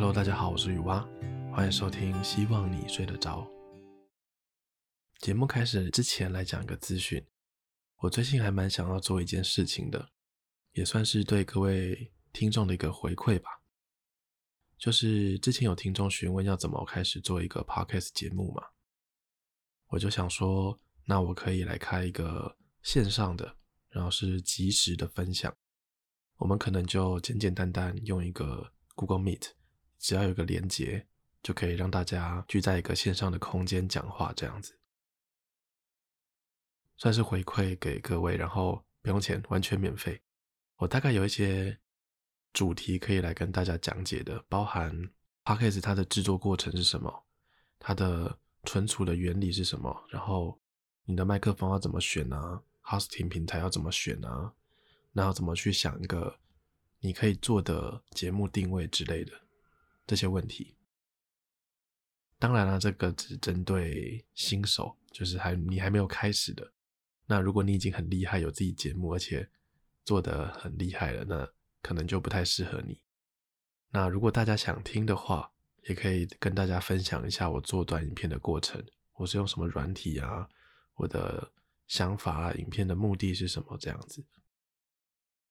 Hello，大家好，我是雨蛙，歡迎收聽希望你睡得着。節目開始之前來講一個資訊，我最近還蠻想要做一件事情的，也算是對各位聽眾的一個回饋吧。就是之前有聽眾詢問要怎麼開始做一個 podcast 節目嘛，我就想說，那我可以來開一個線上的，然後是即時的分享。我們可能就簡簡單單用一個 Google Meet。只要有個連接，就可以讓大家聚在一個線上的空間講話，這樣子算是回饋給各位。然後不用錢，完全免費。我大概有一些主題可以來跟大家講解的，包含 Podcast 它的制作過程是什麼，它的存儲的原理是什麼，然後你的麥克風要怎麼選啊，hosting 平台要怎麼選啊，然後怎麼去想一個你可以做的節目定位之類的。這些問題，當然了啊，這個只針對新手，就是還你還沒有開始的。那如果你已經很厲害，有自己節目，而且做得很厲害了，那可能就不太適合你。那如果大家想聽的話，也可以跟大家分享一下我做短影片的過程，我是用什麼軟體啊，我的想法啊，影片的目的是什麼這樣子。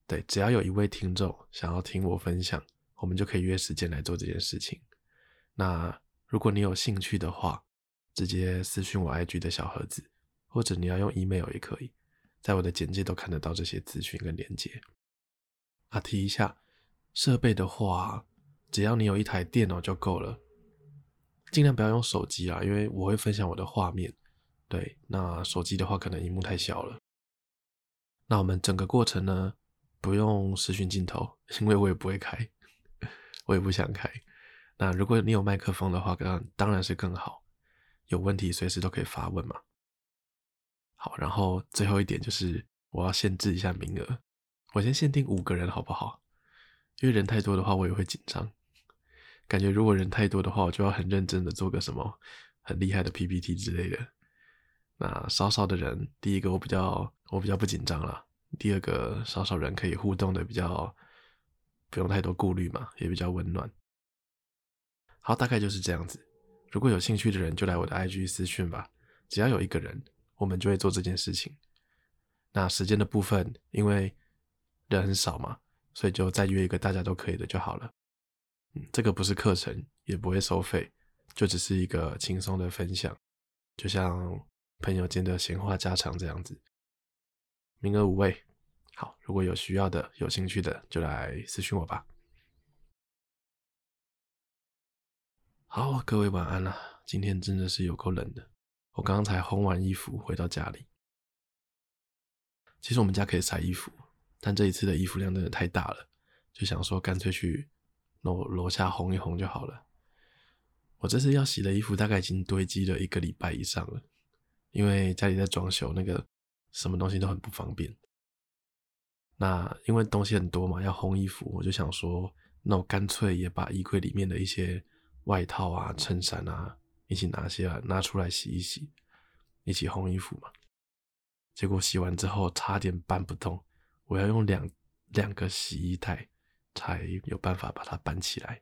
對，只要有一位聽眾想要聽我分享。我們就可以約時間來做這件事情。那如果你有興趣的話，直接私訊我 IG 的小盒子，或者你要用 email 也可以，在我的簡介都看得到這些資訊跟連結。啊，提一下設備的話，只要你有一台電腦就夠了，盡量不要用手機啊，因為我會分享我的畫面。對，那手機的話可能螢幕太小了。那我們整個過程呢，不用視訊鏡頭，因為我也不會開。我也不想開。那如果你有麥克風的話，那當然是更好。有問題隨時都可以發問嘛。好，然後最後一點就是我要限制一下名額，我先限定五個人好不好？因為人太多的話，我也會緊張。感覺如果人太多的話，我就要很認真的做個什麼很厲害的 PPT 之類的。那少少的人，第一個我比較我比較不緊張了。第二個少少人可以互動的比較。不用太多顧慮嘛，也比較溫暖。好，大概就是這樣子。如果有興趣的人，就來我的 IG 私訊吧。只要有一個人，我們就會做這件事情。那時間的部分，因為人很少嘛，所以就再約一個大家都可以的就好了。嗯，這個不是課程，也不會收費，就只是一個輕鬆的分享，就像朋友間的閒話家常這樣子。名額五位。好，如果有需要的，有興趣的，就來私訊我吧。好，各位晚安了啊。今天真的是有夠冷的，我剛剛才烘完衣服回到家裡。其實我們家可以曬衣服，但這一次的衣服量真的太大了，就想說乾脆去樓樓下烘一烘就好了。我這次要洗的衣服大概已經堆積了一個禮拜以上了，因為家裡在裝修，那個什麼東西都很不方便。那因為東西很多嘛，要烘衣服，我就想說，那我乾脆也把衣櫃裡面的一些外套啊、襯衫啊一起拿下來，拿出來洗一洗，一起烘衣服嘛。結果洗完之後，差點搬不動，我要用兩兩個洗衣袋才有辦法把它搬起來。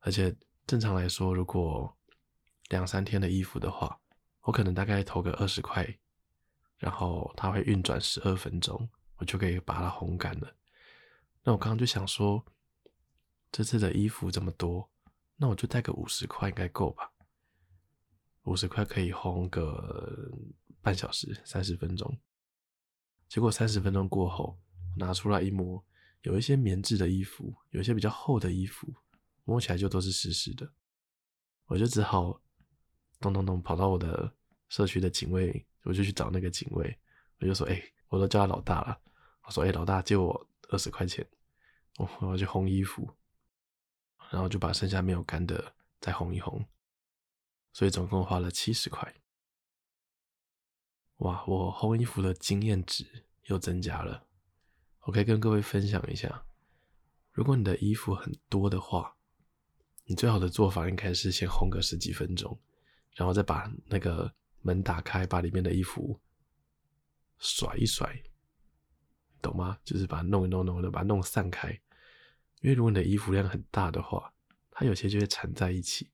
而且正常來說，如果兩三天的衣服的話，我可能大概投個二十塊。然後它會運轉十二分鐘，我就可以把它烘乾了。那我剛剛就想說，這次的衣服這麼多，那我就帶個五十塊應該夠吧？五十塊可以烘個半小時，三十分鐘。結果三十分鐘過後，我拿出來一摸，有一些棉質的衣服，有一些比較厚的衣服，摸起來就都是濕濕的。我就只好咚咚咚跑到我的。社區的警衛，我就去找那個警衛，我就說：“哎、欸，我都叫他老大了。”我說：“哎、欸，老大，借我二十塊錢，我我要去烘衣服，然後就把剩下沒有乾的再烘一烘。”所以總共花了七十塊。哇，我烘衣服的經驗值又增加了。我可以跟各位分享一下，如果你的衣服很多的話，你最好的做法應該是先烘個十幾分鐘，然後再把那個。門打開，把裡面的衣服甩一甩，懂嗎？就是把它弄一弄、弄的，把它弄散開。因為如果你的衣服量很大的話，它有些就會纏在一起，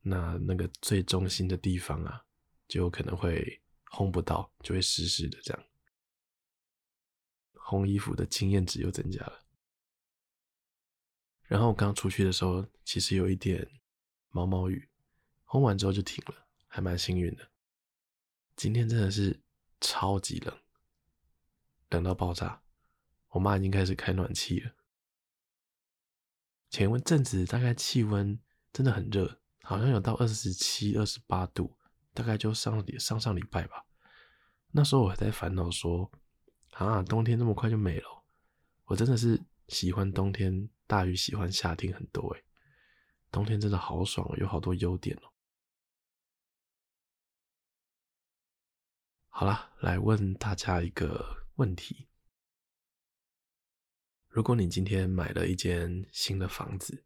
那那個最中心的地方啊，就可能會烘不到，就會濕濕的這樣。烘衣服的經驗值又增加了。然後我剛出去的時候，其實有一點毛毛雨，烘完之後就停了，還蠻幸運的。今天真的是超級冷，冷到爆炸。我媽已經開始開暖氣了。前一陣子大概氣溫真的很熱，好像有到二十七、二十八度，大概就上上上禮拜吧。那時候我還在煩惱說，啊，冬天這麼快就沒了。我真的是喜歡冬天，大於喜歡夏天很多哎、欸。冬天真的好爽哦、喔，有好多優點哦、喔。好啦，來問大家一個問題。如果你今天買了一間新的房子，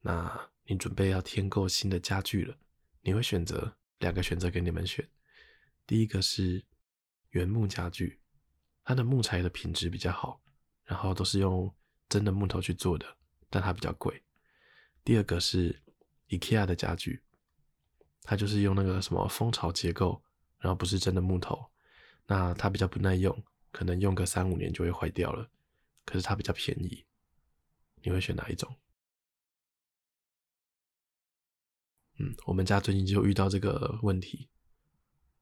那你準備要添購新的家具了，你會選擇兩個選擇給你們選。第一個是原木家具，它的木材的品質比較好，然後都是用真的木頭去做的，但它比較貴。第二個是 IKEA 的家具，它就是用那個什麼蜂巢結構。然後不是真的木頭，那它比較不耐用，可能用個三五年就會壞掉了。可是它比較便宜，你會選哪一種？嗯，我們家最近就遇到這個問題，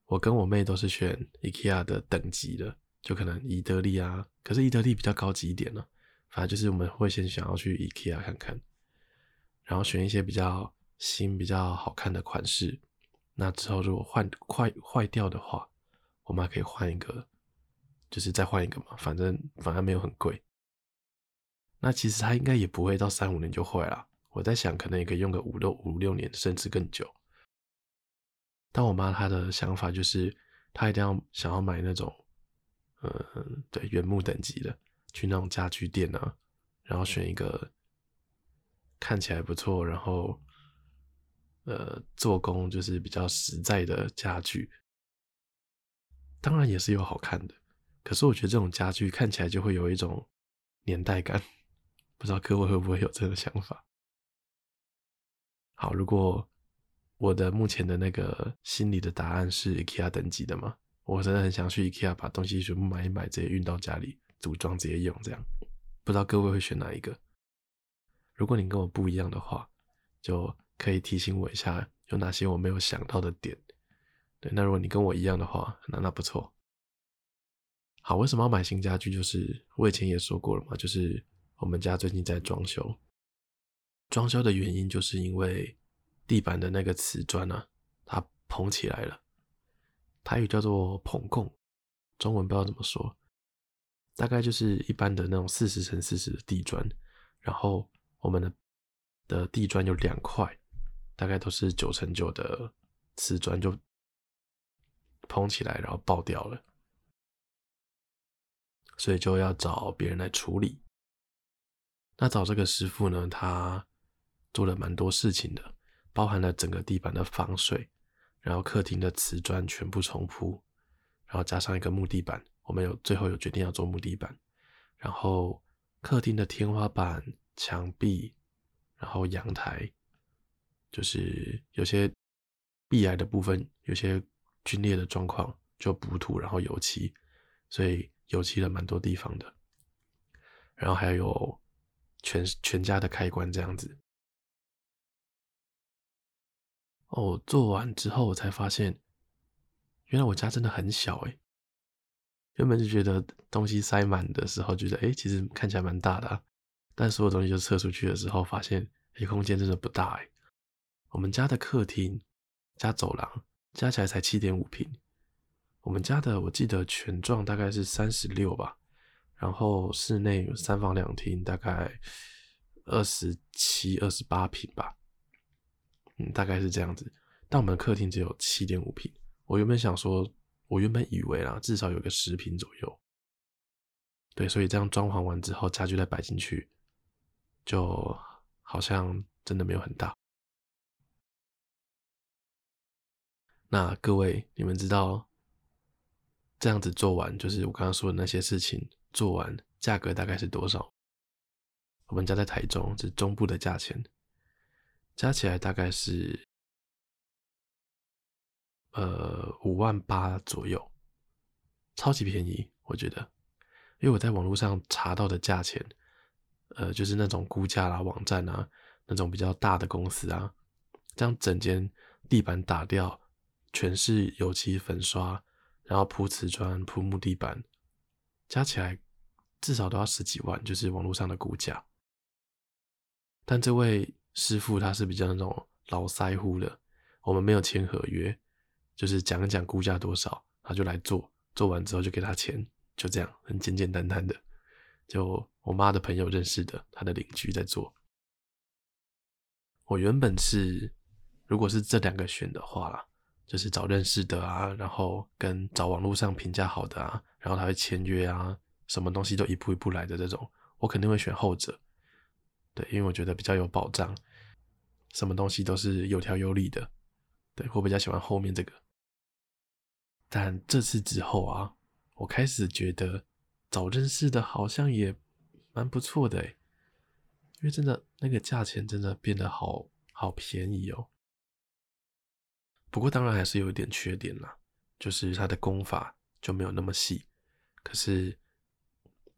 我跟我妹都是選 IKEA 的等級的，就可能宜得利啊，可是宜得利比較高級一點呢、啊。反正就是我們會先想要去 IKEA 看看，然後選一些比較新、比較好看的款式。那之後如果換快壞掉的話，我媽可以換一個，就是再換一個嘛，反正反正沒有很貴。那其實它應該也不會到三五年就壞了，我在想可能也可以用個五六五六年甚至更久。但我媽她的想法就是她一定要想要買那種，嗯，對，原木等級的，去那種家具店啊，然後選一個看起來不錯，然後。呃，做工就是比較實在的家具，當然也是有好看的。可是我覺得這種家具看起來就會有一種年代感，不知道各位會不會有這個想法？好，如果我的目前的那個心裡的答案是 IKEA 等級的嘛，我真的很想去 IKEA 把東西全部買一買，直接運到家裡組裝，直接用這樣。不知道各位會選哪一個？如果你跟我不一樣的話，就。可以提醒我一下有哪些我沒有想到的點。對，那如果你跟我一樣的話，那那不錯。好，為什麼要買新家具？就是我以前也說過了嘛，就是我們家最近在裝修，裝修的原因就是因為地板的那個瓷磚啊，它膨起來了，台語叫做膨供，中文不知道怎麼說，大概就是一般的那種四十乘四十的地磚，然後我們的的地磚有兩塊。大概都是九成九的瓷磚就膨起來，然後爆掉了，所以就要找別人來處理。那找這個師傅呢，他做了蠻多事情的，包含了整個地板的防水，然後客廳的瓷磚全部重鋪，然後加上一個木地板。我們有最後有決定要做木地板，然後客廳的天花板、牆壁，然後陽台。就是有些壁癌的部分，有些龜裂的狀況，就補土然後油漆，所以油漆了蠻多地方的。然後還有全全家的開關這樣子。哦，做完之後我才發現，原來我家真的很小哎、欸。原本就覺得東西塞滿的時候，覺得哎、欸，其實看起來蠻大的啊，但所有東西都撤出去的時候，發現哎空間真的不大哎、欸。我們家的客廳加走廊加起來才七點五坪，我們家的我記得權狀大概是三十六吧，然後室內三房兩廳大概二十七二十八坪吧，嗯，大概是這樣子。但我們的客廳只有七點五坪，我原本想說，我原本以為啦，至少有個十坪左右，對，所以這樣裝潢完之後，家具再擺進去，就好像真的沒有很大。那各位，你們知道這樣子做完，就是我剛剛說的那些事情做完，價格大概是多少？我們家在台中，是中部的價錢，加起來大概是呃五萬八左右，超級便宜，我覺得，因為我在網絡上查到的價錢，呃，就是那種估價啦、啊、網站啊，那種比較大的公司啊，這樣整間地板打掉。全是油漆粉刷，然後鋪瓷磚、鋪木地板，加起來至少都要十幾萬，就是網絡上的估價。但這位師傅他是比較那種老塞乎的，我們沒有簽合約，就是講一講估價多少，他就來做，做完之後就給他錢，就這樣很簡簡單單的。就我媽的朋友認識的，他的鄰居在做。我原本是，如果是這兩個選的話啦。就是找認識的啊，然後跟找網絡上評價好的啊，然後他會簽約啊，什麼東西都一步一步來的這種，我肯定會選後者，對，因為我覺得比較有保障，什麼東西都是有條有理的，對，我比較喜歡後面這個。但這次之後啊，我開始覺得找認識的好像也蠻不錯的哎，因為真的，那個價錢真的變得好好便宜哦。不過當然還是有一點缺點啦，就是它的工法就沒有那麼細。可是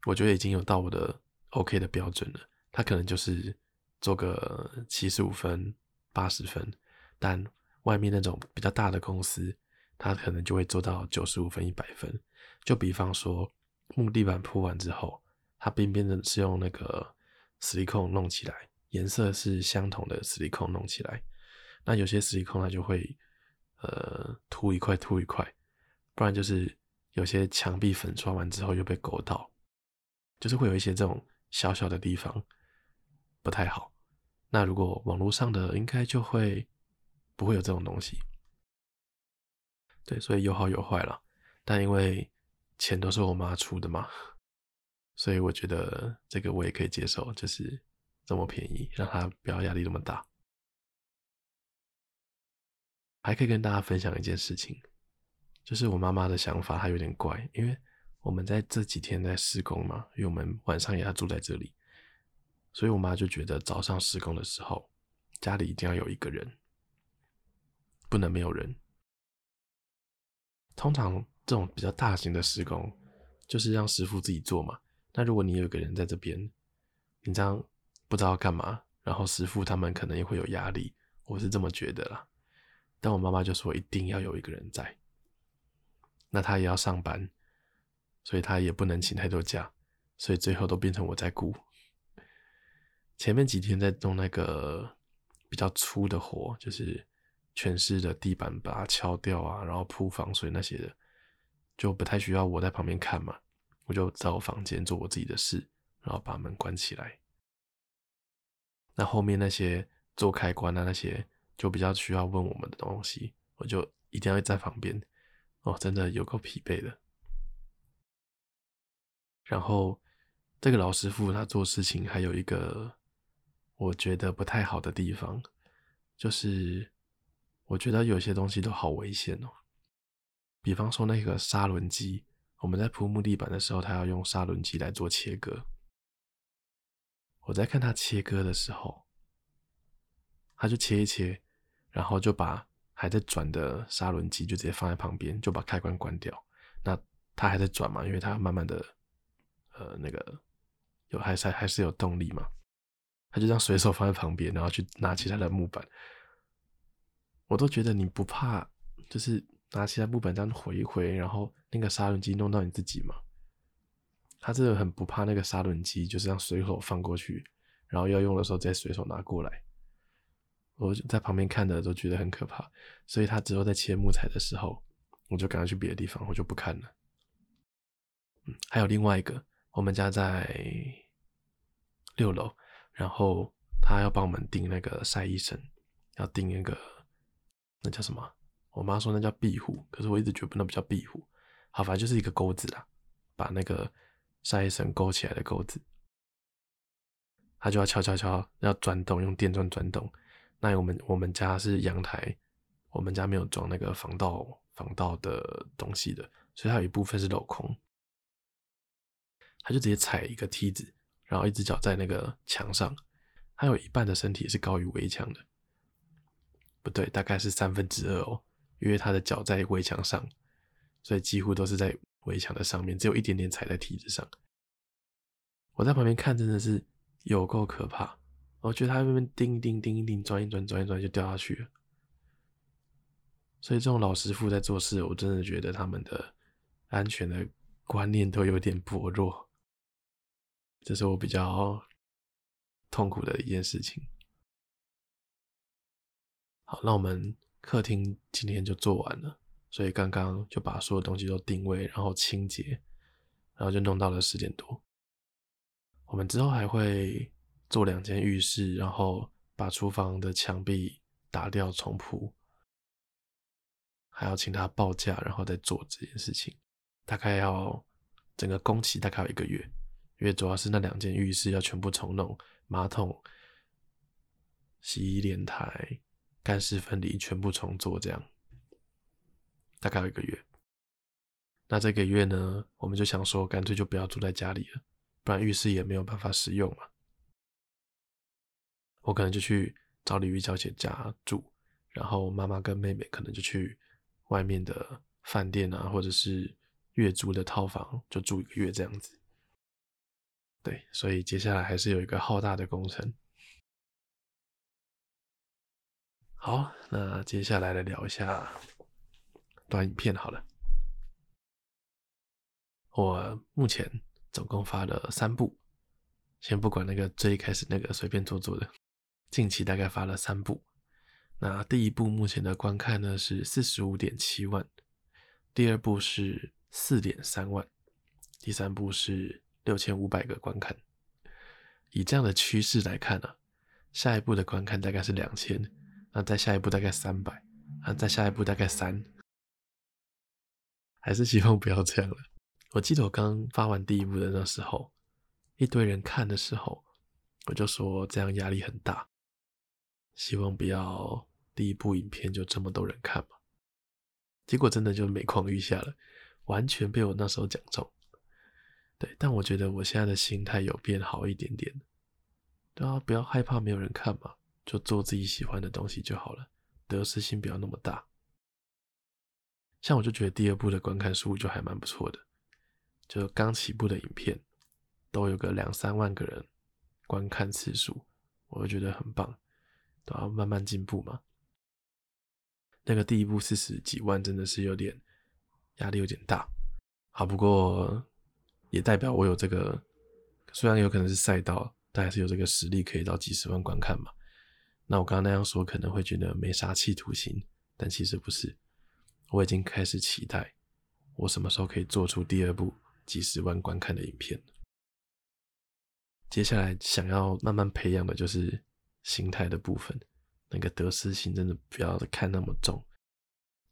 我覺得已經有到我的 OK 的標準了。它可能就是做個七十五分、八十分，但外面那種比較大的公司，它可能就會做到九十五分、一百分。就比方說木地板鋪完之後，它邊邊的是用那個矽利康弄起來，顏色是相同的矽利康弄起來。那有些矽利康它就會。呃，凸一塊凸一塊，不然就是有些牆壁粉刷完之後又被勾到，就是會有一些這種小小的地方不太好。那如果網絡上的應該就會不會有這種東西，對，所以有好有壞啦。但因為錢都是我媽出的嘛，所以我覺得這個我也可以接受，就是這麼便宜，讓他不要壓力那麼大。還可以跟大家分享一件事情，就是我媽媽的想法，她有點怪，因為我們在這幾天在施工嘛，因為我們晚上也要住在這裡，所以我媽就覺得早上施工的時候，家裡一定要有一個人，不能沒有人。通常這種比較大型的施工，就是讓師傅自己做嘛。那如果你有一個人在這邊，你這樣不知道幹嘛，然後師傅他們可能也會有壓力，我是這麼覺得啦。但我媽媽就說一定要有一個人在，那她也要上班，所以她也不能請太多假，所以最後都變成我在顧。前面幾天在弄那個比較粗的活，就是全室的地板把它敲掉啊，然後鋪防水那些的，就不太需要我在旁邊看嘛，我就在我房間做我自己的事，然後把門關起來。那後面那些做開關啊那些。就比較需要問我們的東西，我就一定要在旁邊哦，真的有夠疲憊的。然後這個老師傅他做事情還有一個我覺得不太好的地方，就是我覺得有些東西都好危險哦，比方說那個砂輪機，我們在鋪木地板的時候，他要用砂輪機來做切割。我在看他切割的時候，他就切一切。然後就把還在轉的砂輪機就直接放在旁邊，就把開關關掉。那它還在轉嘛，因為它慢慢的，呃，那個有還還還是有動力嘛。他就這樣隨手放在旁邊，然後去拿起他的木板。我都覺得你不怕，就是拿起他木板這樣回一回，然後那個砂輪機弄到你自己嘛？他真的很不怕那個砂輪機，就是這樣隨手放過去，然後要用的時候再隨手拿過來。我在旁邊看的都覺得很可怕，所以他之後在切木材的時候，我就趕快去別的地方，我就不看了。嗯，還有另外一個，我們家在六樓，然後他要幫我們釘那個曬衣繩，要釘那個那叫什麼？我媽說那叫壁虎，可是我一直覺得那不叫壁虎，好，反正就是一個鈎子啦，把那個曬衣繩勾起來的鈎子，他就要敲敲敲，要鑽洞，用電鑽鑽洞。那我們我們家是陽台，我們家沒有裝那個防盜防盜的東西的，所以它有一部分是鏤空。他就直接踩一個梯子，然後一隻腳在那個牆上，他有一半的身體是高於圍牆的。不對，大概是三分之二哦，因為他的腳在圍牆上，所以幾乎都是在圍牆的上面，只有一點點踩在梯子上。我在旁邊看真的是有夠可怕。我覺得他那邊釘一釘、釘一釘、轉一轉、轉一轉就掉下去了，所以這種老師傅在做事，我真的覺得他們的安全的觀念都有點薄弱，這是我比較痛苦的一件事情。好，那我們客廳今天就做完了，所以剛剛就把所有東西都定位，然後清潔，然後就弄到了十點多。我們之後還會。做兩間浴室，然後把廚房的牆壁打掉重鋪，還要請他報價，然後再做這件事情。大概要整個工期，大概要一個月，因為主要是那兩間浴室要全部重弄，馬桶、洗臉臺、乾濕分離全部重做，這樣大概要一個月。那這個月呢，我們就想說，乾脆就不要住在家裡了，不然浴室也沒有辦法使用嘛。我可能就去找李玉小姐家住，然後媽媽跟妹妹可能就去外面的飯店啊，或者是月租的套房，就住一個月這樣子。對，所以接下來還是有一個浩大的工程。好，那接下來來聊一下短影片好了。我目前總共發了三部，先不管那個最開始那個隨便做做的。的近期大概發了三部，那第一部目前的觀看呢是四十五點七萬，第二部是四點三萬，第三部是六千五百個觀看。以這樣的趨勢來看呢、啊，下一部的觀看大概是兩千，那再下一部大概三百，啊，再下一部大概三，還是希望不要這樣了。我記得我剛發完第一部的那時候，一堆人看的時候，我就說這樣壓力很大。希望不要第一部影片就這麼多人看嘛，結果真的就每況愈下了，完全被我那時候講中。對，但我覺得我現在的心態有變好一點點。對啊，不要害怕沒有人看嘛，就做自己喜歡的東西就好了，得失心不要那麼大。像我就覺得第二部的觀看數就還蠻不錯的，就剛起步的影片都有個兩三萬個人觀看次數，我就覺得很棒。都要慢慢進步嘛。那個第一部四十幾萬，真的是有點壓力，有點大。好，不過也代表我有這個，雖然有可能是賽道，但還是有這個實力可以到幾十萬觀看嘛。那我剛剛那樣說，可能會覺得沒啥企圖心，但其實不是。我已經開始期待，我什麼時候可以做出第二部幾十萬觀看的影片了。接下來想要慢慢培養的就是。心態的部分，那個得失心真的不要看那麼重，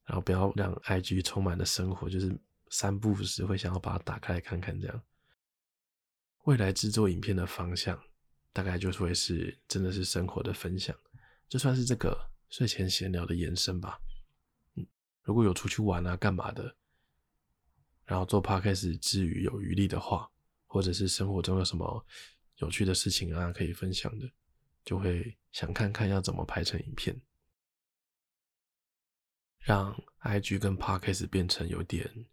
然後不要讓 IG 充滿了生活，就是三不五時會想要把它打開來看看。這樣，未來製作影片的方向大概就是會是真的是生活的分享，就算是這個睡前閒聊的延伸吧。嗯，如果有出去玩啊、幹嘛的，然後做 Podcast 之餘有餘力的話，或者是生活中有什麼有趣的事情啊可以分享的。就會想看看要怎麼拍成影片，讓 IG 跟 Podcast 變成有點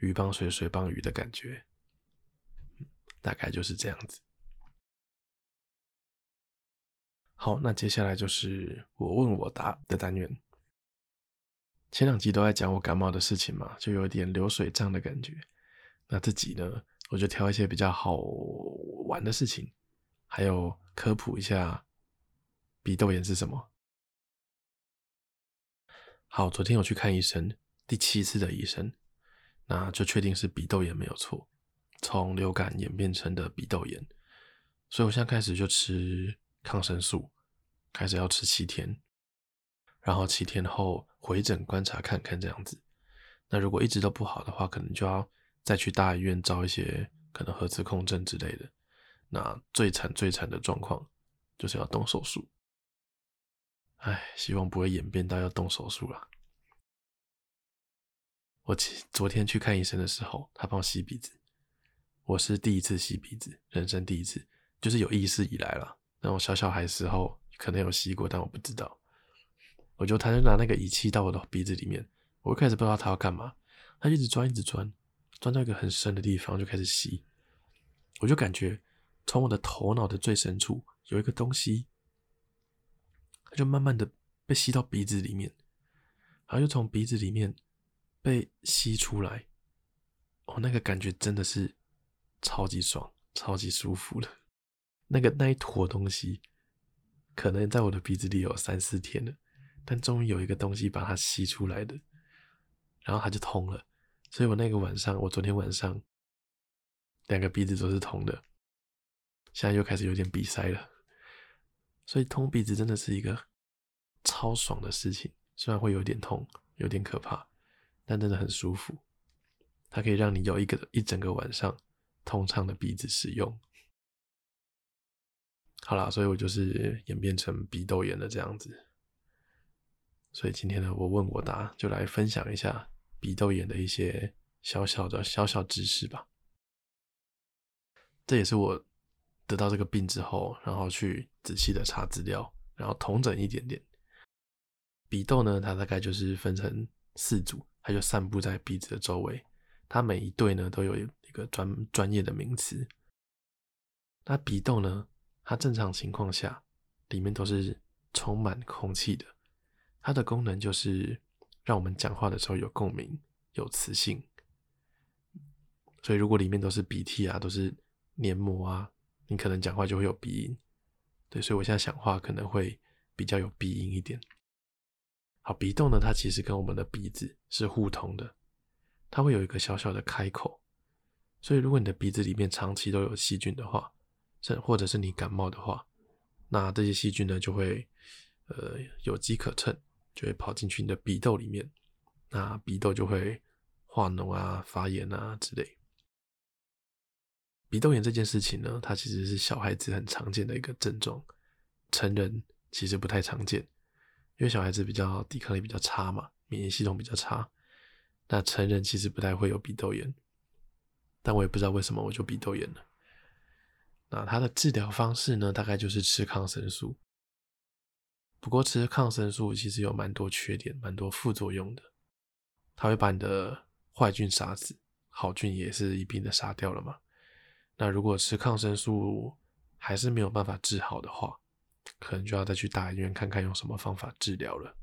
魚幫水、水幫魚的感覺，大概就是這樣子。好，那接下來就是我問我答的單元。前兩集都在講我感冒的事情嘛，就有點流水賬的感覺。那這集呢，我就挑一些比較好玩的事情，還有科普一下。鼻竇炎是什麼？好，昨天我去看醫生，第七次的醫生，那就確定是鼻竇炎沒有錯，從流感演變成的鼻竇炎，所以我現在開始就吃抗生素，開始要吃七天，然後七天後回診觀察看看這樣子。那如果一直都不好的話，可能就要再去大醫院照一些可能核磁共振之類的。那最慘最慘的狀況就是要動手術。唉，希望不會演變到要動手術了。我昨天去看醫生的時候，他幫我吸鼻子。我是第一次吸鼻子，人生第一次，就是有意識以來了。但我小小孩的時候可能有吸過，但我不知道。我就，他就拿那個儀器到我的鼻子裡面，我一開始不知道他要幹嘛，他一直鑽，一直鑽，鑽到一個很深的地方就開始吸。我就感覺從我的頭腦的最深處有一個東西。就慢慢的被吸到鼻子裡面，然後又從鼻子裡面被吸出來，我、哦、那個感覺真的是超級爽、超級舒服了。那個那一坨東西可能在我的鼻子裡有三四天了，但終於有一個東西把它吸出來的，然後它就通了。所以我那個晚上，我昨天晚上兩個鼻子都是通的，現在又開始有點鼻塞了。所以通鼻子真的是一個超爽的事情，雖然會有點痛，有點可怕，但真的很舒服。它可以讓你有一個一整個晚上通暢的鼻子使用。好啦，所以我就是演變成鼻竇炎的這樣子。所以今天呢，我問我答，就來分享一下鼻竇炎的一些小小的小小知識吧。這也是我。得到這個病之後，然後去仔細的查資料，然後統整一點點。鼻竇呢，它大概就是分成四組，它就散布在鼻子的周圍。它每一對呢，都有一個專專業的名詞。那鼻竇呢，它正常情況下裡面都是充滿空氣的，它的功能就是讓我們講話的時候有共鳴、有磁性。所以如果裡面都是鼻涕啊，都是黏膜啊。你可能講話就會有鼻音，對，所以我現在講話可能會比較有鼻音一點。好，鼻竇呢，它其實跟我們的鼻子是互通的，它會有一個小小的開口。所以如果你的鼻子裡面長期都有細菌的話，是或者是你感冒的話，那這些細菌呢就會呃有機可乘，就會跑進去你的鼻竇裡面，那鼻竇就會化膿啊、發炎啊之類。鼻竇炎這件事情呢，它其實是小孩子很常見的一個症狀，成人其實不太常見，因為小孩子比較抵抗力比較差嘛，免疫系統比較差，那成人其實不太會有鼻竇炎，但我也不知道為什麼我就鼻竇炎了。那它的治療方式呢，大概就是吃抗生素，不過吃抗生素其實有蠻多缺點，蠻多副作用的，它會把你的壞菌殺死，好菌也是一併的殺掉了嘛。那如果吃抗生素還是沒有辦法治好的話，可能就要再去大醫院看看用什麼方法治療了。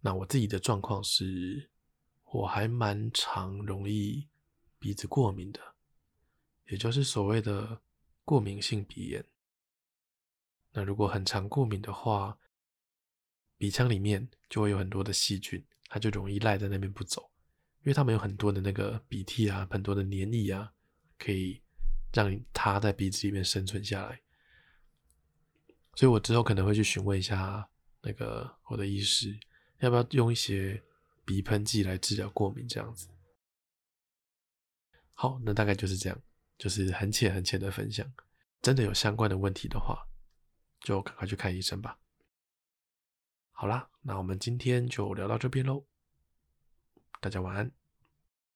那我自己的狀況是，我還蠻常容易鼻子過敏的，也就是所謂的過敏性鼻炎。那如果很常過敏的話，鼻腔裡面就會有很多的細菌，它就容易賴在那邊不走。因為他們有很多的那個鼻涕啊，很多的黏液啊，可以讓他在鼻子裡面生存下來。所以我之後可能會去詢問一下那個我的醫師，要不要用一些鼻噴劑來治療過敏這樣子。好，那大概就是這樣，就是很淺很淺的分享。真的有相關的問題的話，就趕快去看醫生吧。好啦，那我們今天就聊到這邊嘍。大家晚安。